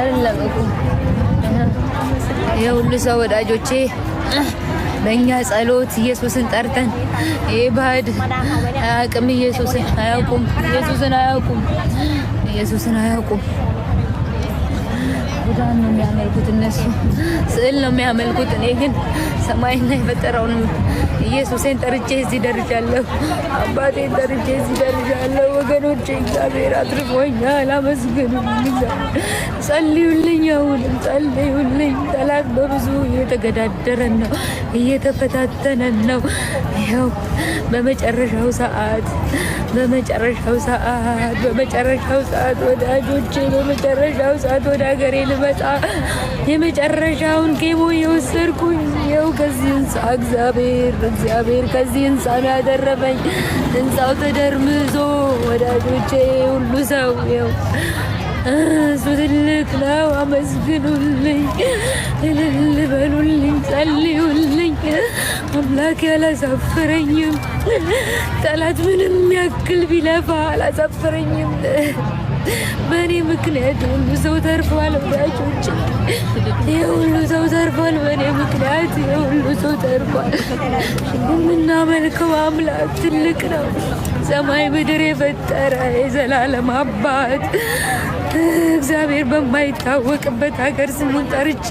አልለቀቁም። ይህ ሁሉ ሰው ወዳጆቼ በእኛ ጸሎት ኢየሱስን ጠርተን ይህ ባዕድ አያውቅም። ኢየሱስን አያውቁም። ኢየሱስን አያውቁም። ኢየሱስን አያውቁም። ቡዳን ነው የሚያመልኩት እነሱ ስዕል ነው የሚያመልኩት። እኔ ግን ሰማይና የፈጠረውን ኢየሱሴን ጠርቼ እዚህ ደርጃለሁ። አባቴን ጠርቼ እዚህ ደርጃለሁ። ወገኖቼ እግዚአብሔር አትርፎኛል። አመስግኑልኝ፣ ጸልዩልኝ፣ አሁንም ጸልዩልኝ። ጠላት በብዙ እየተገዳደረን ነው፣ እየተፈታተነን ነው። ይኸው በመጨረሻው ሰዓት በመጨረሻው ሰዓት በመጨረሻው ሰዓት ወዳጆቼ በመጨረሻው ሰዓት ወደ ሀገሬ ስመጣ የመጨረሻውን ጌሞ የወሰድኩኝ ይኸው ከዚህ ህንፃ እግዚአብሔር እግዚአብሔር ከዚህ ህንፃ ነው ያደረፈኝ። ህንፃው ተደርምዞ ወዳጆቼ ሁሉ ሰው ይኸው እሱ ትልቅ ነው። አመስግኑልኝ፣ እልል በሉልኝ፣ ጸልዩልኝ። አምላክ አላሳፈረኝም። ጠላት ምንም ያክል ቢለፋ አላሳፈረኝም። በእኔ ምክንያት ሁሉ ሰው ተርፏል። ወዳጆች የሁሉ ሰው ተርፏል። በእኔ ምክንያት የሁሉ ሰው ተርፏል። የምናመልከው አምላክ ትልቅ ነው። ሰማይ ምድር የፈጠረ የዘላለም አባት እግዚአብሔር በማይታወቅበት ሀገር ስሙን ጠርቼ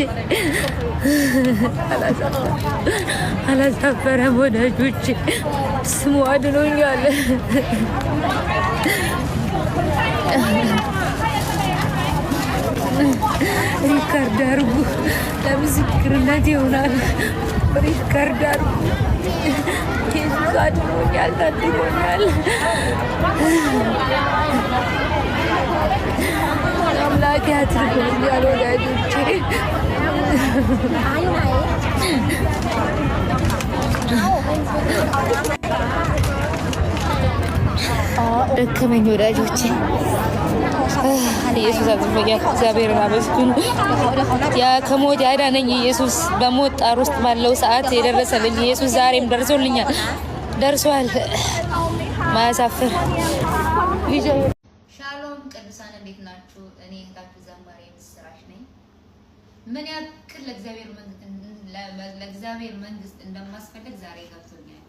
አላሳፈረም። ወዳጆች ስሙ አድኖኛል። ሪካርድ አርጉ ለምስክርነት ይሆናል። ሪካርድ አርጉ አድኖኛል፣ ታድኖኛል። አምላክ ያትርፍልኛል ወዳጆቼ። ደከመኝ ወዳጆቼ። ኢየሱስ አትርፎኛል። እግዚአብሔር አመስግኑ። ከሞት ያዳነኝ ኢየሱስ በሞት ጣር ውስጥ ባለው ሰዓት የደረሰልኝ ኢየሱስ ዛሬም ደርሶልኛል፣ ደርሷል። ማያሳፍር ሻሎም ቅዱሳን እንዴት ናችሁ? እኔ እህታችሁ ዘማሪ የምስራች ነኝ። ምን ያክል ለእግዚአብሔር መንግስት እንደማስፈልግ ዛሬ ገብቶኛል።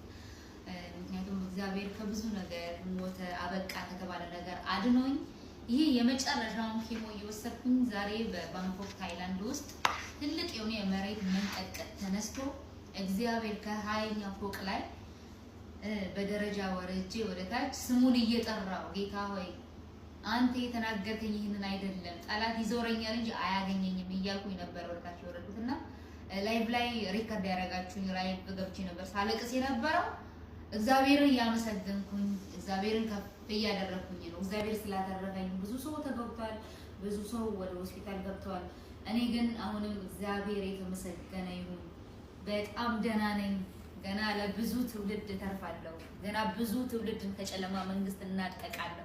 ምክንያቱም እግዚአብሔር ከብዙ ነገር ሞተ፣ አበቃ ከተባለ ነገር አድኖኝ ይሄ የመጨረሻውን ኬሞ እየወሰድኩኝ ዛሬ በባንኮክ ታይላንድ ውስጥ ትልቅ የሆነ የመሬት መንቀጥቀጥ ተነስቶ እግዚአብሔር ከሀይኛ ፎቅ ላይ በደረጃ ወርጄ ወደታች ስሙን እየጠራው ጌታ ሆይ አንተ የተናገርከኝ ይህንን አይደለም፣ ጠላት ይዞረኛል እንጂ አያገኘኝም እያልኩኝ ነበር። ወደታች የወረድኩትና ላይቭ ላይ ሪከርድ ያደረጋችሁኝ ላይቭ ገብቼ ነበር ሳለቅስ የነበረው እግዚአብሔርን እያመሰገንኩኝ እግዚአብሔርን ከፍ እያደረግኩኝ ነው። እግዚአብሔር ስላደረገኝ ብዙ ሰው ተገብቷል፣ ብዙ ሰው ወደ ሆስፒታል ገብተዋል። እኔ ግን አሁንም እግዚአብሔር የተመሰገነ ይሁን፣ በጣም ደህና ነኝ። ገና ለብዙ ትውልድ ተርፋለሁ። ገና ብዙ ትውልድን ከጨለማ መንግስት እናጠቃለሁ።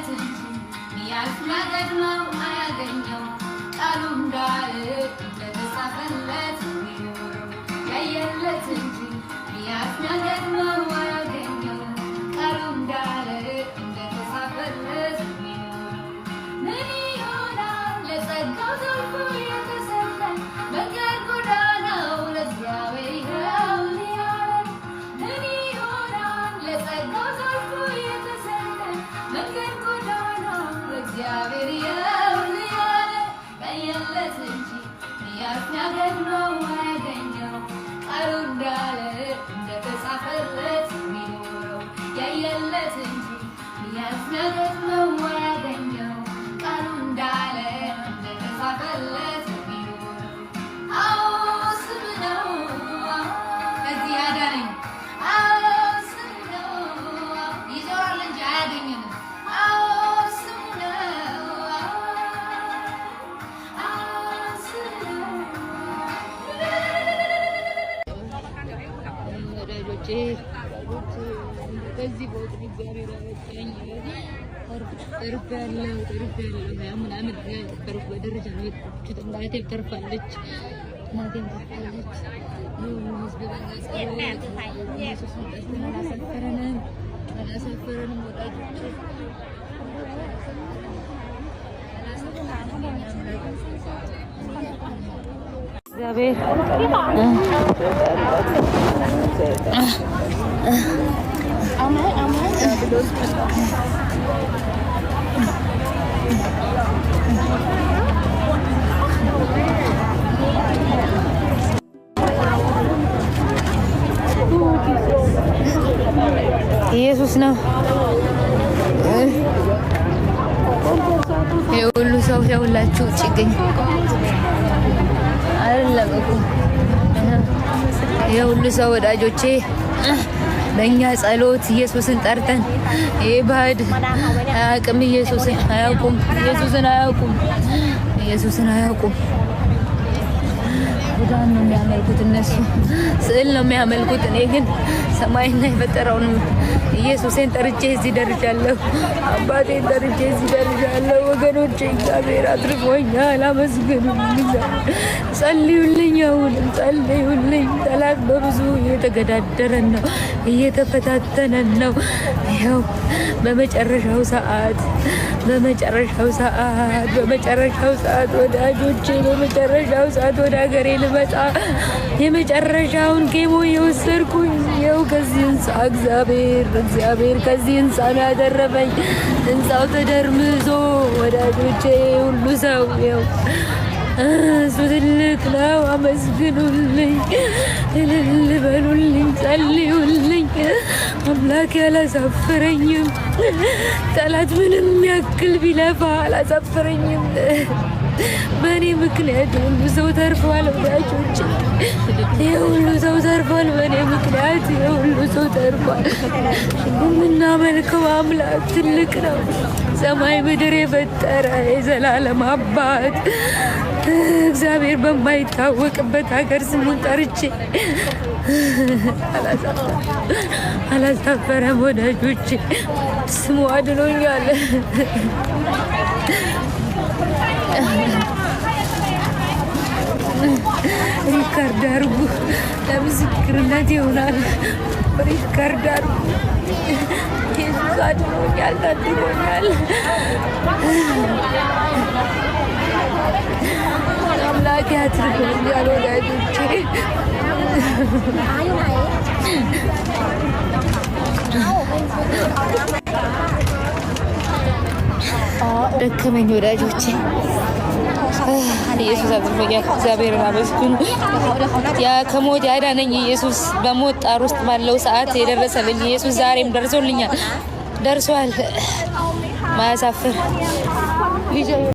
ما تنكر يا يلا تنجي يا عفنا قد ما ቅርብ ያለው ቅርብ ያለው ምናምን ቅርብ በደረጃ ነው የተጠፍችት። እናቴም ተርፋለች፣ እናቴም ተርፋለች። አላሳፈረንም፣ አላሳፈረንም ወዳጆች እግዚአብሔር ኢየሱስ ነው። የሁሉ ሰው የሁላችሁ ችግኝ አይደለም እኮ የሁሉ ሰው ወዳጆቼ በእኛ ጸሎት ኢየሱስን ጠርተን ይህ ባዕድ አያውቅም። ኢየሱስን አያውቁም። ኢየሱስን አያውቁም። ኢየሱስን አያውቁም። ቡዳን ነው የሚያመልኩት እነሱ ስዕል ነው የሚያመልኩት። እኔ ግን ሰማይና የፈጠረውን ኢየሱሴን ጠርቼ እዚህ ደርጃለሁ። አባቴን ጠርቼ እዚህ ደርጃለሁ። ወገኖች እግዚአብሔር አድርጎኛል፣ አመስግኑ። ጸልዩልኝ፣ አሁንም ጸልዩልኝ። ጠላት በብዙ እየተገዳደረን ነው፣ እየተፈታተነን ነው። ይኸው በመጨረሻው ሰዓት በመጨረሻው ሰዓት በመጨረሻው ሰዓት ወዳጆቼ በመጨረሻው ሰዓት ወደ ሀገሬ ልመጣ የመጨረሻውን ኬሞ የወሰድኩኝ ይኸው ከዚህ ህንፃ እግዚአብሔር እግዚአብሔር ከዚህ ህንፃ ነው ያደረበኝ። ህንፃው ተደርምዞ ወዳጆቼ ሁሉ ሰው ይኸው እሱ ትልቅ ነው። አመስግኑልኝ፣ እልል በሉልኝ፣ ጸልዩልኝ። አምላክ አላሳፈረኝም። ጠላት ምንም ያክል ቢለፋ አላሳፈረኝም። በእኔ ምክንያት ሁሉ ሰው ተርፏል። ወዳጆች የሁሉ ሰው ተርፏል። በእኔ ምክንያት የሁሉ ሰው ተርፏል። የምናመልከው አምላክ ትልቅ ነው። ሰማይ ምድር የፈጠረ የዘላለም አባት እግዚአብሔር በማይታወቅበት ሀገር ስሙን ጠርቼ አላሳፈረም። ወዳጆች ስሙ አድኖኛል። ሪካርድ አርጉ ለምስክርነት ይሆናል። ሪካርድ አርጉ ኢየሱስ አድኖኛል፣ አድኖኛል። አምላኬ አትርፎኛል ወዳጆቼ ป้าอยู่ไหน ደከመኝ ወዳጆቼ። ኢየሱስ አትርፎኛል። ከሞት ያዳነኝ ኢየሱስ በሞት ጣር ውስጥ ባለው ሰዓት የደረሰልኝ ኢየሱስ ዛሬም ደርሶልኛል፣ ደርሷል። ማያሳፍር